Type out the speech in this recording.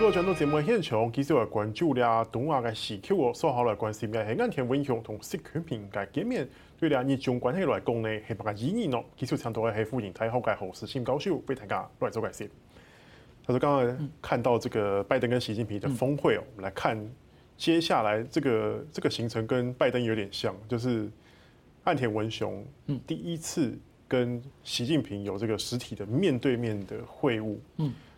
各轉到節目現場，繼續來關注東亞嘅時局哦。稍後來關心一下，岸田文雄同習近平嘅見面，對倆人中關係來講呢，係比較有意義咯。繼續長途嘅係福台後蓋後視新高手為大家來做解釋。他說：“剛剛看到這個拜登跟習近平的峰會，我們來看接下來這個這個行程跟拜登有點像，就是岸田文雄第一次跟習近平有這個實體的面對面的會晤。”嗯。嗯